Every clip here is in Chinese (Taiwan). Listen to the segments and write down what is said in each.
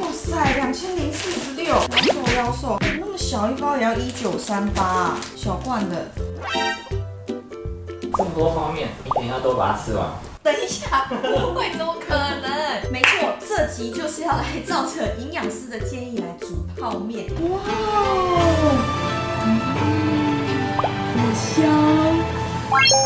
哇塞，兩千零四十六，妖獸，妖獸，那麼、個、小一包也要一九三八，小罐的，這麼多泡麵，你等一下都把它吃完？等一下，不會，怎麼可能？ 沒錯，這集就是要來照着營養師的建議來煮泡面。哇哦，好、嗯嗯、香。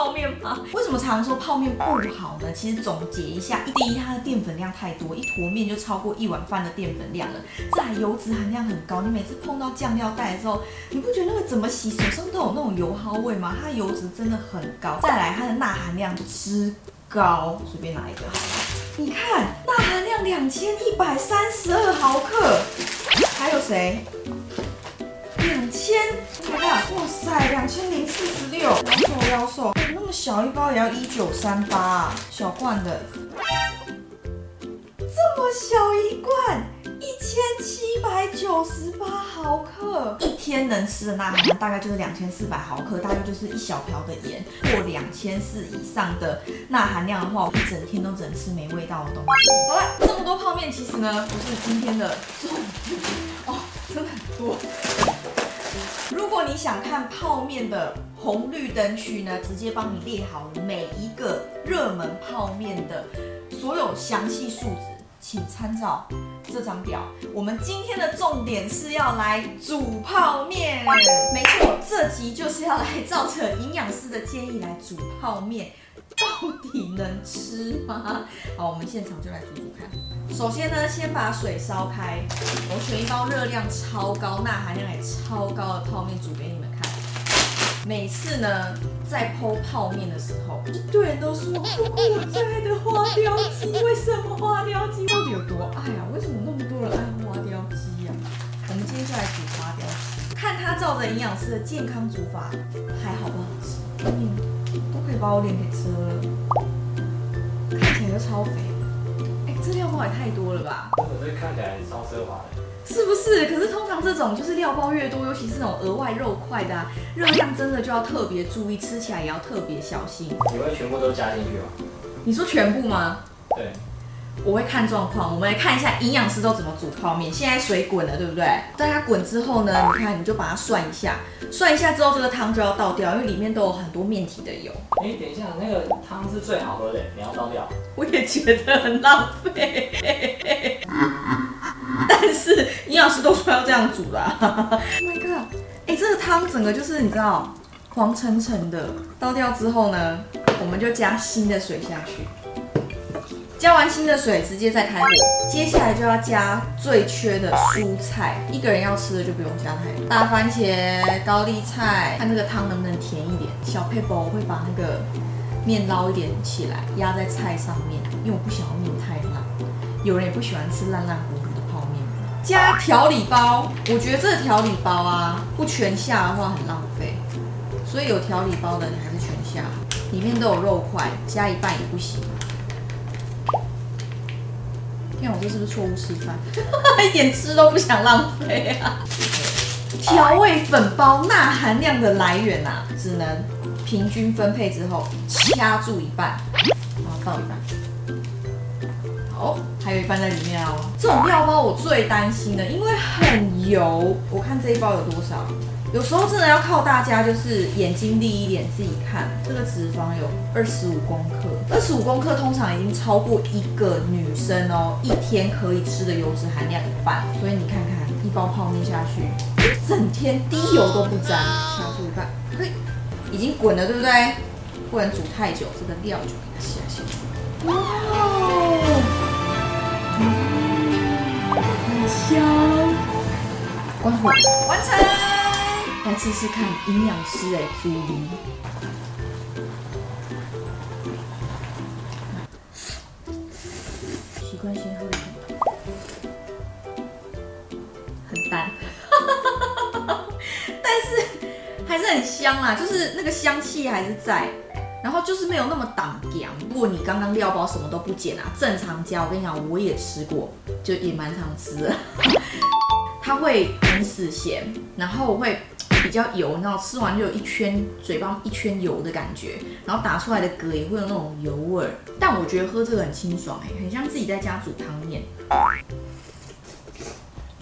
泡麵嗎？為什麼常常說泡麵不好呢？其實總結一下，第一它的澱粉量太多，一坨麵就超過一碗飯的澱粉量了。再油脂含量很高，你每次碰到醬料袋的時候，你不覺得那個怎麼洗手上都有那種油耗味嗎？它油脂真的很高。再來它的鈉含量之高，隨便拿一個好了，你看鈉含量兩千一百三十二毫克，還有誰？兩千，你看，哇塞，兩千零四十六，腰瘦腰瘦。那麼小一包也要一九三八啊，小罐的，這麼小一罐，一千七百九十八毫克，一天能吃的鈉含量大概就是兩千四百毫克，大約就是一小瓢的鹽。過兩千四以上的鈉含量的話，我一整天都只能吃沒味道的東西。好了，這麼多泡麵其實呢，不是今天的重點哦，真的很多。如果你想看泡麵的紅綠燈區呢，直接幫你列好每一個熱門泡麵的所有詳細數值，請參照這張表。我們今天的重點是要來煮泡麵，沒錯，這集就是要來照着營養師的建議來煮泡麵。到底能吃嗎？好，我們現場就來煮煮看。首先呢，先把水燒開。我選一包熱量超高、鈉含量也超高的泡麵煮給你們看。每次呢，在 po 泡麵的時候，一堆人都說：“我最愛的花雕雞，為什麼花雕雞到底有多愛啊、哎？為什麼那麼多人愛花雕雞呀、啊？”我們今天就來煮花雕雞，看它照着營養師的健康煮法，還好不好吃？嗯都可以把我臉給遮了，看起來就超肥。欸。哎、欸，這料包也太多了吧？這可是看起來超奢華的，是不是？可是通常這種就是料包越多，尤其是那種額外肉塊的，啊，熱量真的就要特別注意，吃起來也要特別小心。你會全部都加進去嗎？你說全部嗎？對。我會看狀況，我們來看一下營養師都怎麼煮泡麵。現在水滾了，對不對？等它滾之後呢，你看你就把它涮一下，涮一下之後這個湯就要倒掉，因為裡面都有很多麵體的油。哎，等一下，那個湯是最好喝的，你要倒掉？我也覺得很浪費。 但是營養師都說要這樣煮啦。 Oh my God 哎，這個湯整個就是你知道，黃澄澄的。倒掉之後呢，我們就加新的水下去。加完新的水，直接再開火。接下來就要加最缺的蔬菜，一個人要吃的就不用加太多。大番茄、高麗菜，看那個湯能不能甜一點。小撇步，我會把那個麵撈一點起來，壓在菜上面，因為我不喜歡麵太爛。有人也不喜歡吃爛爛糊糊的泡麵。加調理包，我覺得這個調理包啊，不全下的話很浪費，所以有調理包的你還是全下，裡面都有肉塊，加一半也不行。看啊，我這是不是錯誤示範？ 一點吃都不想浪費啊！調味粉包鈉含量的來源啊，只能平均分配之後掐住一半，然後倒一半。哦，還有一半在裡面哦。這種料包我最擔心的，因為很油。我看這一包有多少？有時候真的要靠大家，就是眼睛利一點，自己看。這個脂肪有二十五公克，二十五公克通常已經超過一個女生哦一天可以吃的油脂含量一半。所以你看看，一包泡麵下去，整天滴油都不沾，下去一半，嘿、哎，已經滾了，對不對？不能煮太久，這個料就給它下去。哇關火，完成。來試試看營養師的福音。習慣性喝一口，很淡，很 但是還是很香啦，就是那個香氣還是在，然後就是沒有那麼擋鼻。不過你剛剛料包什麼都不減啊，正常加。我跟你講，我也吃過，就也蠻常吃的。 它會很死鹹，然後會比較油，然後吃完就有一圈嘴巴一圈油的感覺，然後打出來的嗝也會有那種油味。但我覺得喝這個很清爽，欸，很像自己在家煮湯麵。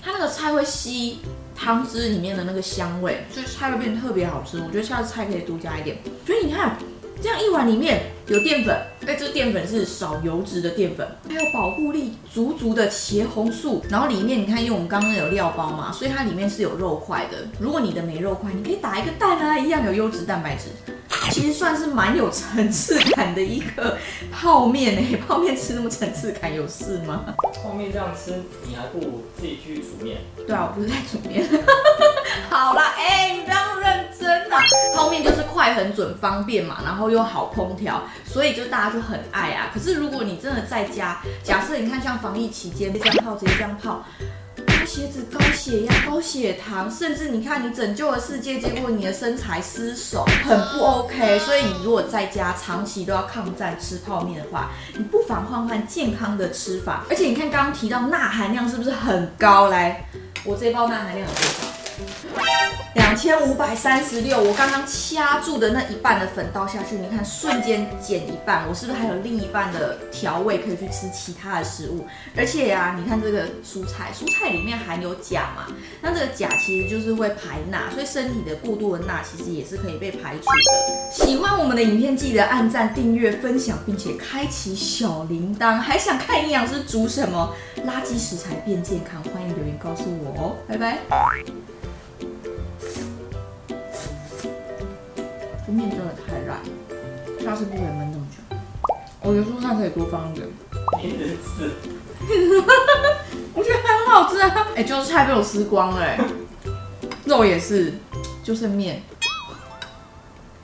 它那個菜會吸湯汁裡面的那個香味，所以菜會變得特別好吃。我覺得下次菜可以多加一點。所以你看。這樣一碗裡面有澱粉，哎、欸，這澱粉是少油脂的澱粉，還有保護力足足的茄紅素，然後裡面你看，因為我們剛剛有料包嘛，所以它裡面是有肉塊的。如果你的沒肉塊，你可以打一個蛋啊，一樣有優質蛋白質。其實算是蠻有層次感的一個泡麵、欸、泡麵吃那麼層次感有事嗎？泡麵這樣吃，你還不如自己去煮麵。對啊，我不是在煮麵。 好。準方便嘛，然後又好烹調，所以就大家就很愛啊。可是如果你真的在家，假設你看像防疫期間，這樣泡直接這樣泡，泡血高血脂、高血壓、高血糖，甚至你看你拯救了世界，結果你的身材失守，很不 OK。所以你如果在家長期都要抗戰吃泡麵的話，你不妨換換健康的吃法。而且你看剛剛提到鈉含量是不是很高？來，我這包鈉含量有多少？兩千五百三十六，我剛剛掐住的那一半的粉倒下去，你看瞬間減一半，我是不是還有另一半的調味可以去吃其他的食物？而且呀、啊，你看這個蔬菜，蔬菜裡面含有鉀嘛，那這個鉀其實就是會排鈉，所以身體的過度的鈉其實也是可以被排除的。喜歡我們的影片，記得按讚、訂閱、分享，並且開啟小鈴鐺。還想看營養師煮什麼垃圾食材變健康？歡迎留言告訴我哦，拜拜。麵真的太爛，下次不可以燜那麼久。哦、我覺得蔬菜可以多放一點，沒人吃。哈 哈，我覺得很好吃啊！哎、欸，就是菜被我吃光了， 肉也是，就剩麵。